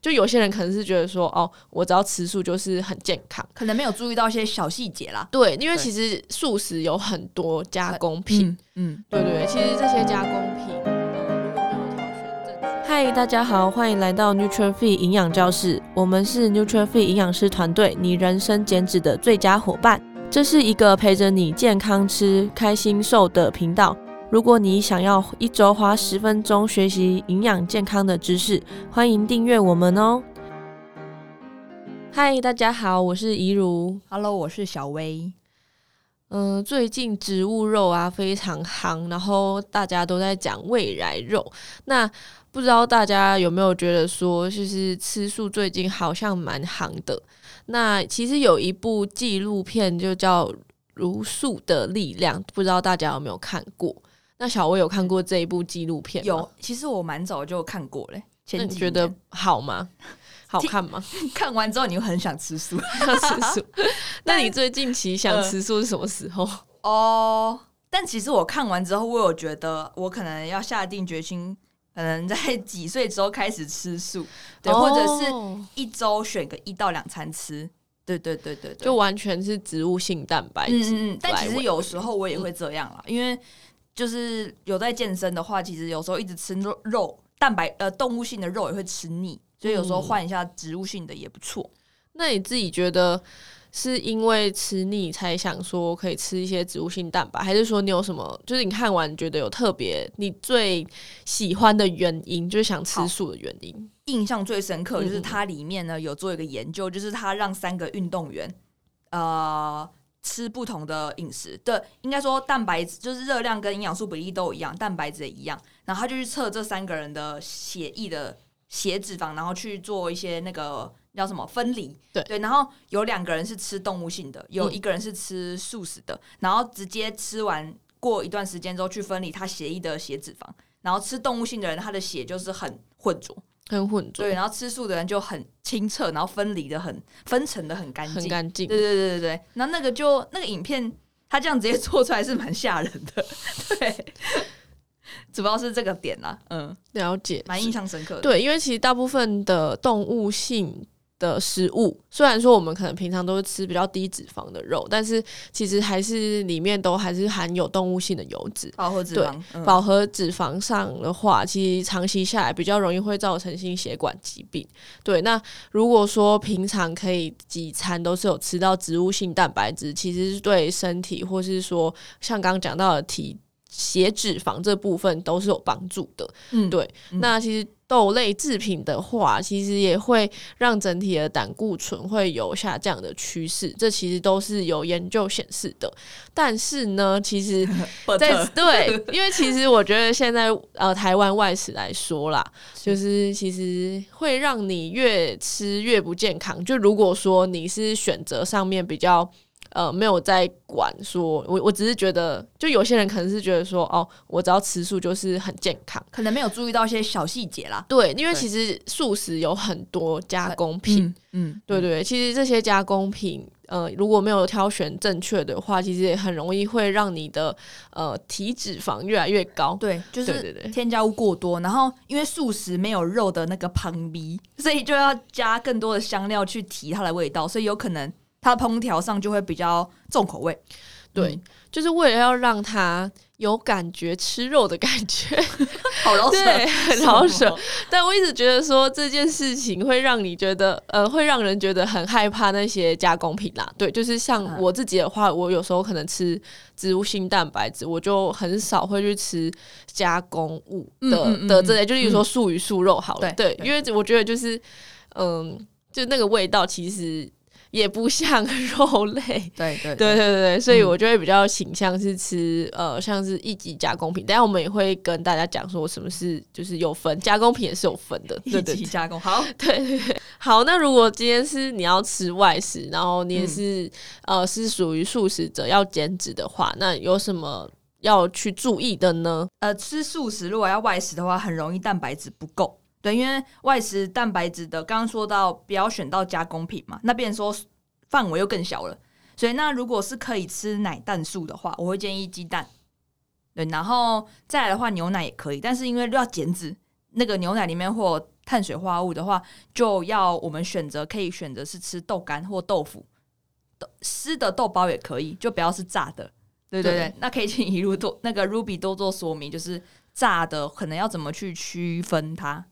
就有些人可能是覺得說，哦，我只要吃素就是很健康，可能沒有注意到一些小細節啦。對，因為其實素食有很多加工品，嗯，嗯對對，對，其實這些加工品，嗯，如果沒有挑選正確。嗨，大家好，歡迎來到 Nutralfy 營養教室，我們是 Nutralfy 營養師團隊，你人生減脂的最佳夥伴。這是一個陪着你健康吃、開心瘦的頻道。如果你想要一週花十分鐘學習營養健康的知識，歡迎訂閱我們哦！嗨，大家好，我是怡如。Hello，我是小薇。嗯，最近植物肉啊非常夯，然後大家都在講未來肉。那不知道大家有沒有覺得說，就是吃素最近好像蠻夯的？那其實有一部紀錄片就叫《茹素的力量》，不知道大家有沒有看過？那小薇有看過這一部紀錄片嗎？有，其實我蠻早就看過嘞。前幾年你覺得好嗎？好看嗎？看完之後你很想吃素， 要吃素。 但 那你最近期想吃素是什麼時候，呃？哦，但其實我看完之後，我有覺得我可能要下定決心，可能在幾歲之後開始吃素，對，哦、或者是一周選個一到兩餐吃。對對對，對對對對，就完全是植物性蛋白質。嗯嗯。但其實有時候我也會這樣啦、嗯，因為。就是有在健身的話，其實有時候一直吃肉肉蛋白呃，動物性的肉也會吃膩，所以有時候換一下植物性的也不錯。嗯。那你自己覺得是因為吃膩才想說可以吃一些植物性蛋白，還是說你有什麼就是你看完覺得有特別你最喜歡的原因，就是想吃素的原因？印象最深刻就是它裡面呢有做一個研究，嗯，就是它讓三個運動員呃。吃不同的飲食，對，應該說蛋白質就是熱量跟營養素比例都一樣，蛋白質也一樣。然後他就去測這三個人的血液的血脂肪，然後去做一些那個叫什麼分離，對對。然後有兩個人是吃動物性的，有一個人是吃素食的，嗯。然後直接吃完過一段時間之後去分離他血液的血脂肪。然後吃動物性的人，他的血就是很渾濁。很混濁，對，然後吃素的人就很清澈，然後分離的很分層的很乾淨，很乾淨。對對對對對，那那個就那個影片，它這樣直接做出來是蠻嚇人的，對， 主要是這個點啦。嗯，了解，蠻印象深刻的。對，因為其實大部分的動物性。的食物，雖然說我們可能平常都是吃比較低脂肪的肉，但是其實還是裡面都還是含有動物性的油脂。好，對，飽、嗯、和脂肪上的話，其實長期下來比較容易會造成心血管疾病。對，那如果說平常可以幾餐都是有吃到植物性蛋白質，其實是對身體或是說像剛剛講到的體血脂肪這部分都是有幫助的。嗯，對，嗯、那其實。豆類製品的話，其實也會讓整體的膽固醇會有下降的趨勢，這其實都是有研究顯示的。但是呢，其實在，在 對， 因為其實我覺得現在呃，台灣外食來說啦，就是其實會讓你越吃越不健康。就如果說你是選擇上面比較。呃，沒有在管說，我我只是覺得，就有些人可能是覺得說，哦，我只要吃素就是很健康，可能沒有注意到一些小細節啦。對，因為其實素食有很多加工品，嗯，嗯嗯對，對對，其實這些加工品，呃，如果沒有挑選正確的話，其實也很容易會讓你的呃體脂肪越來越高。對，就是添加物過多，然後因為素食沒有肉的那個芳味，所以就要加更多的香料去提它的味道，所以有可能。它的烹調上就會比較重口味，對，嗯、就是為了要讓它有感覺吃肉的感覺，好繞舌，繞舌 但我一直覺得說這件事情會讓你覺得，呃，會讓人覺得很害怕那些加工品啦。對，就是像我自己的話，嗯、我有時候可能吃植物性蛋白質，我就很少會去吃加工物的、嗯嗯、的這類，就比如說素魚素肉好了、嗯對對。對，因為我覺得就是，嗯、呃，就那個味道其實。也不像肉類，對對對，對對對，所以我就會比較傾向是吃、嗯、呃，像是一級加工品，等下我們也會跟大家講說什麼是，就是有分加工品也是有分的，對對對，一級加工好，對對，對好。那如果今天是你要吃外食，然後你也是、嗯、呃是屬於素食者要減脂的話，那有什麼要去注意的呢？呃，吃素食如果要外食的話，很容易蛋白質不夠。對，因為外食蛋白質的，剛剛說到不要選到加工品嘛，那變成說範圍又更小了。所以那如果是可以吃奶蛋素的話，我會建議雞蛋。對，然後再來的話，牛奶也可以，但是因為要減脂，那個牛奶裡面或碳水化合物的話，就要我們選擇可以選擇是吃豆干或豆腐，豆濕的豆包也可以，就不要是炸的，對對對。對對對。那可以請一路做那個 Ruby 多做說明，就是炸的可能要怎麼去區分它。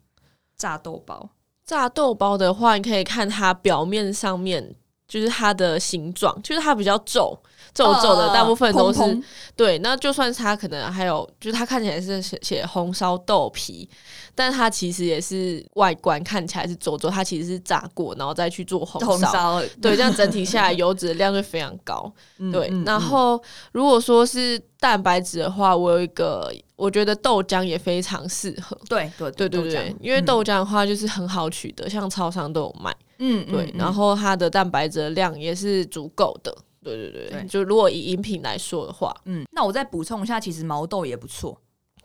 炸豆包，炸豆包的話，你可以看它表面上面。就是它的形狀，就是它比較皺皺皺的，大部分都是啊啊啊啊蓬蓬對。那就算是它可能還有，就是它看起來是寫紅燒豆皮，但它其實也是外觀看起來是皺皺，它其實是炸過，然後再去做紅燒。對，這樣整體下來油脂的量就非常高。嗯、對，然後嗯嗯如果說是蛋白質的話，我有一個，我覺得豆漿也非常適合對對。對對對對對，因為豆漿的話就是很好取得，嗯、像超商都有賣。嗯，對嗯，然後它的蛋白質量也是足夠的，對對對，對就如果以飲品來說的話，嗯，那我再補充一下，其實毛豆也不錯，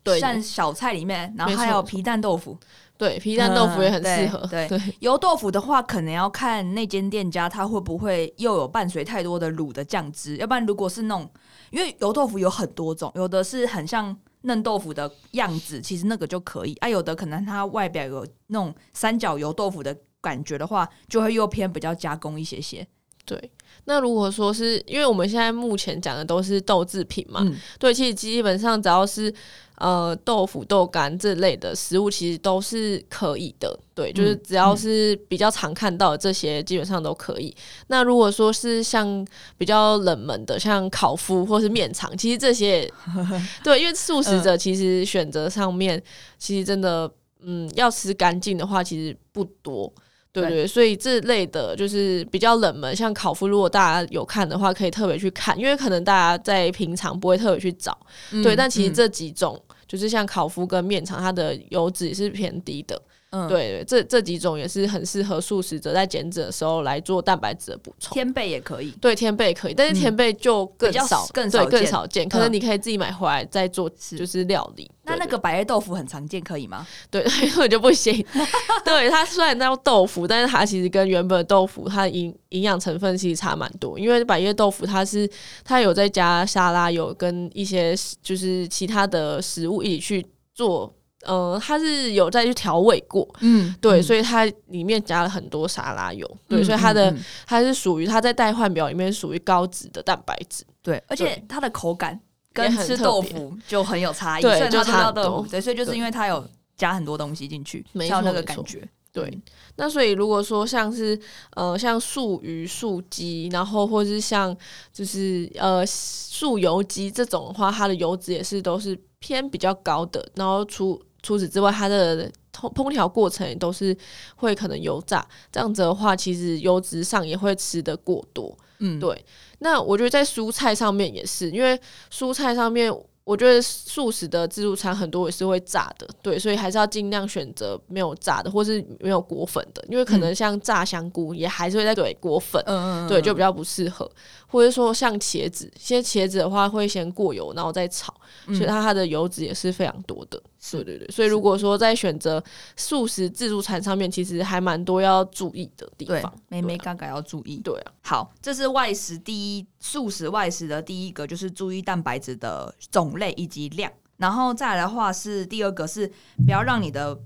對，對，像小菜裡面，然後還有皮蛋豆腐，對，皮蛋豆腐也很適合、嗯對對。對，油豆腐的話，可能要看那間店家它會不會又有伴隨太多的滷的醬汁，要不然如果是那種，因為油豆腐有很多種，有的是很像嫩豆腐的樣子，其實那個就可以啊，有的可能它外表有那種三角油豆腐的。感覺的話，就會又偏比較加工一些些。對，那如果說是因為我們現在目前講的都是豆制品嘛、嗯，對，其實基本上只要是呃豆腐、豆乾這類的食物，其實都是可以的。對，就是只要是比較常看到的這些，基本上都可以。嗯嗯、那如果說是像比較冷門的，像烤麩或是面腸，其實這些呵呵，對，因為素食者其實選擇上面、呃，其實真的，嗯，要吃乾淨的話，其實不多。對對，對，所以這類的就是比較冷門，像烤麩，如果大家有看的話，可以特別去看，因為可能大家在平常不會特別去找。嗯、對，但其實這幾種、嗯、就是像烤麩跟麵腸，它的油脂是偏低的。嗯、對，對這這幾種也是很適合素食者在減脂的時候來做蛋白質的補充。天貝也可以，對，天貝也可以，但是天貝就更少，更、嗯、少、更少見。少見，可能你可以自己買回來再做吃，就是料理對對。那那個百葉豆腐很常見，可以嗎？對，我就不行。 對，它雖然叫豆腐，但是它其實跟原本豆腐它的營營養成分其實差蠻多，因為百葉豆腐它是它有在加沙拉，有跟一些就是其他的食物一起去做。呃，它是有再去調味過，嗯，對，嗯，所以它裡面加了很多沙拉油，嗯、對，所以它的、嗯嗯、它是屬於它在代換表裡面屬於高脂的蛋白質，對，而且它的口感跟吃豆腐就很有差異，對，就差多，對，所以就是因為它有加很多東西進去，沒有那個感覺，對。那所以如果說像是呃，像素魚、素雞，然後或者是像就是呃素油雞這種的話，它的油脂也是都是偏比較高的，然後除除此之外，它的烹烹調過程也都是會可能油炸，這樣子的話，其實油脂上也會吃得過多。嗯，對。那我覺得在蔬菜上面也是，因為蔬菜上面，我覺得素食的自助餐很多也是會炸的，對，所以還是要盡量選擇沒有炸的，或是沒有裹粉的，因為可能像炸香菇也還是會在給裹粉，嗯，對，就比較不適合。或者說像茄子，先茄子的話會先過油，然後再炒，所以它它的油脂也是非常多的。是，對對，對，所以如果說在選擇素食自助餐上面，其實還蠻多要注意的地方。對，妹妹剛剛要注意。對啊，好，這是外食第一，素食外食的第一個就是注意蛋白質的種類以及量，然後再來的話是第二個是不要讓你的。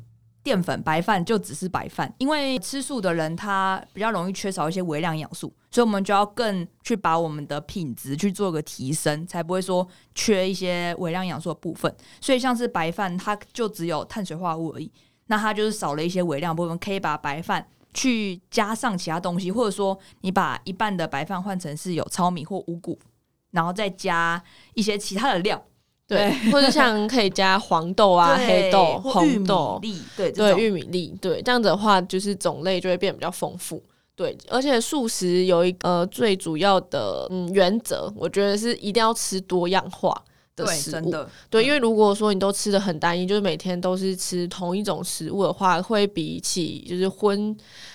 澱粉白飯就只是白飯，因為吃素的人他比較容易缺少一些微量營養素，所以我們就要更去把我們的品質去做個提升，才不會說缺一些微量營養素的部分。所以像是白飯，它就只有碳水化合物而已，那它就是少了一些微量部分。可以把白飯去加上其他東西，或者說你把一半的白飯換成是有糙米、或五穀，然後再加一些其他的料。對，或者像可以加黃豆啊、黑豆、紅豆，對，玉米粒，對，這樣子的話，就是種類就會變比較豐富，對，而且素食有一個呃最主要的原則，嗯，我覺得是一定要吃多樣化。對，真的對，因為如果說你都吃的很單一，嗯、就是每天都是吃同一種食物的話，會比起就是葷，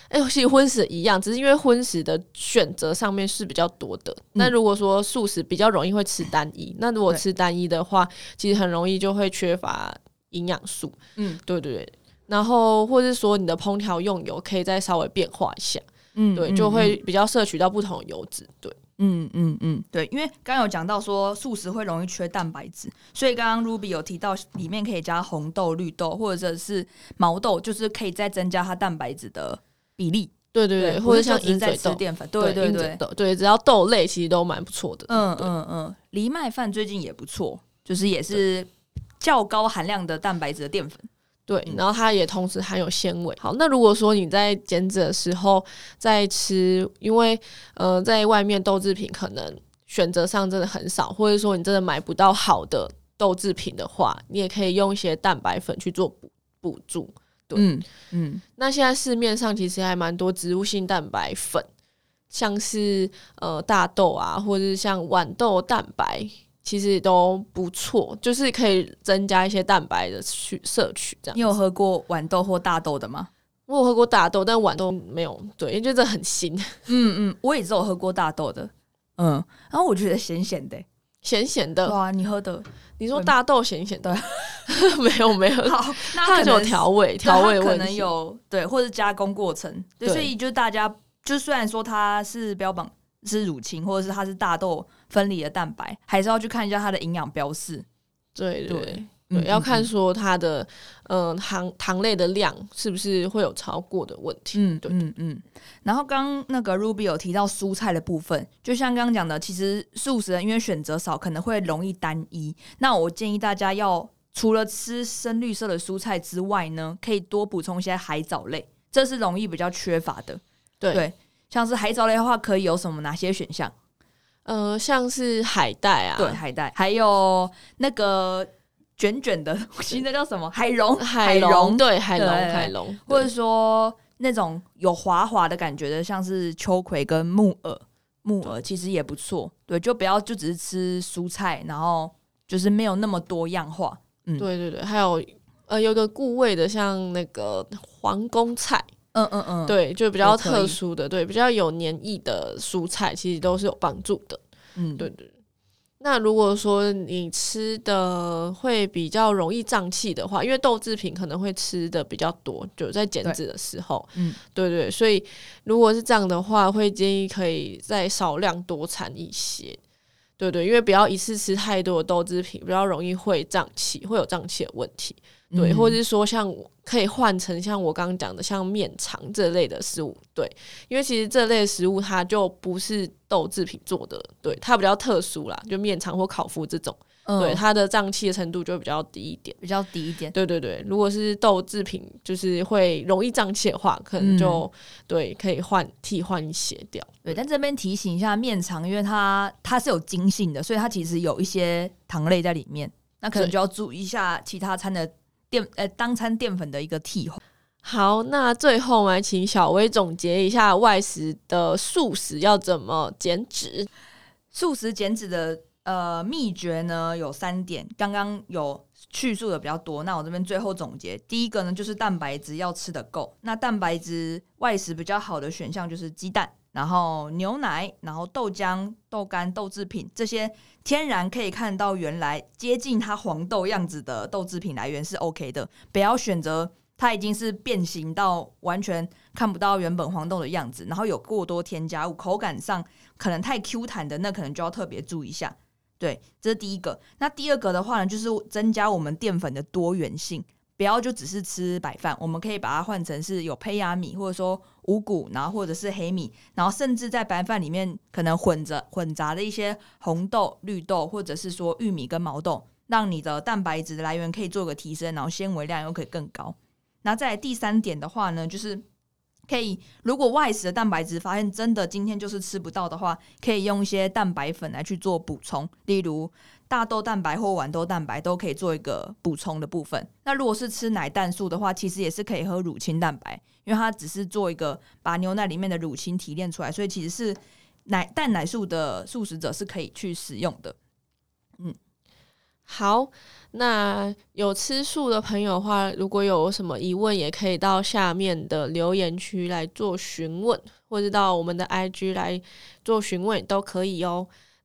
哎、欸，其實葷食一樣，只是因為葷食的選擇上面是比較多的。那、嗯、如果說素食比較容易會吃單一，嗯、那如果吃單一的話，其實很容易就會缺乏營養素。嗯，對對對。然後或者說你的烹調用油可以再稍微變化一下，嗯，對，就會比較攝取到不同油脂。對。嗯嗯嗯，對，因為剛剛有講到說素食會容易缺蛋白質，所以剛剛 Ruby 有提到裡面可以加紅豆、綠豆，或者是毛豆，就是可以再增加它蛋白質的比例。對對對，對或者像鷹嘴豆澱粉，對對對，對，對，對，只要豆類其實都蠻不錯的。嗯嗯嗯，藜、嗯嗯、麥飯最近也不錯，就是也是較高含量的蛋白質的澱粉。對，然後它也同時含有纖維。好，那如果說你在減脂的時候在吃，因為呃，在外面豆制品可能選擇上真的很少，或者說你真的買不到好的豆制品的話，你也可以用一些蛋白粉去做補補助。對，嗯，嗯，那現在市面上其實還蠻多植物性蛋白粉，像是呃，大豆啊，或者是像豌豆蛋白，其實都不錯，就是可以增加一些蛋白的去攝取攝取。這樣，你有喝過豌豆或大豆的嗎？我有喝過大豆，但豌豆沒有。對，因為這很腥。嗯嗯，我也只有喝過大豆的。嗯，然、啊、後我覺得鹹鹹的、欸，鹹鹹的。哇，你喝的？你說大豆鹹鹹的 沒有？沒有沒有。那它它就有調味，調味可能有對，或者加工過程對對。所以就大家就雖然說它是標榜是乳清，或者是它是大豆。分離的蛋白還是要去看一下它的營養標示，對對，對，嗯嗯嗯對，要看說它的嗯、呃、糖糖類的量是不是會有超過的問題。嗯，嗯嗯。對對對，然後剛剛那個 Ruby 有提到蔬菜的部分，就像剛剛講的，其實素食人因為選擇少，可能會容易單一。那我建議大家要除了吃深綠色的蔬菜之外呢，可以多補充一些海藻類，這是容易比較缺乏的。對，對像是海藻類的話，可以有什麼哪些選項？呃，像是海帶啊，對，海帶，還有那個捲捲的，我 記得 那叫什麼？海茸，海茸，對，海茸，海茸，或者說那種有滑滑的感覺的，像是秋葵跟木耳，木耳其實也不錯，對，就不要就只是吃蔬菜，然後就是沒有那麼多樣化，嗯，對對對，還有呃，有個固味的，像那個皇宮菜。嗯嗯嗯，對，就比較特殊的，對，比較有黏液的蔬菜，其實都是有幫助的。嗯，對，對對。那如果說你吃的會比較容易脹氣的話，因為豆製品可能會吃的比較多，就在減脂的時候。嗯，對，對對，所以如果是這樣的話，會建議可以再少量多餐一些。對對，對，因為不要一次吃太多豆製品，比較容易會脹氣，會有脹氣的問題。對，或者是說像我可以換成像我剛剛講的像麵腸這類的食物，對，因為其實這類的食物它就不是豆製品做的，對，它比較特殊啦，就麵腸或烤麩這種，嗯、對，它的脹氣的程度就比較低一點，比較低一點。對對對，如果是豆製品，就是會容易脹氣的話，可能就、嗯、對，可以換替換一些掉。對，對但這邊提醒一下，麵腸因為它它是有筋性的，所以它其實有一些糖類在裡面，那可能就要注意一下其他餐的。澱、欸、呃，當餐澱粉的一個替換。好，那最後來請小薇總結一下外食的素食要怎麼減脂。素食減脂的呃秘訣呢有三點，剛剛有敘述的比較多。那我這邊最後總結，第一個呢就是蛋白質要吃得夠。那蛋白質外食比較好的選項就是雞蛋。然後牛奶，然後豆漿、豆乾、豆製品這些天然可以看到，原來接近它黃豆樣子的豆製品來源是 OK 的，不要選擇它已經是變形到完全看不到原本黃豆的樣子，然後有過多添加物，口感上可能太 Q 彈的，那可能就要特別注意一下。對，這是第一個。那第二個的話呢，就是增加我們澱粉的多元性。不要就只是吃白飯，我們可以把它換成是有胚芽米，或者說五穀，然後或者是黑米，然後甚至在白飯裡面可能混着混雜的一些紅豆、綠豆，或者是說玉米跟毛豆，讓你的蛋白質的來源可以做個提升，然後纖維量又可以更高。那再第三點的話呢，就是可以如果外食的蛋白質發現真的今天就是吃不到的話，可以用一些蛋白粉來去做補充，例如。大豆蛋白或豌豆蛋白都可以做一個補充的部分。那如果是吃奶蛋素的話，其實也是可以喝乳清蛋白，因為它只是做一個把牛奶裡面的乳清提煉出來，所以其實是奶蛋奶素的素食者是可以去使用的。嗯，好，那有吃素的朋友的話，如果有什麼疑問，也可以到下面的留言區來做詢問，或者到我們的 IG 來做詢問都可以哦。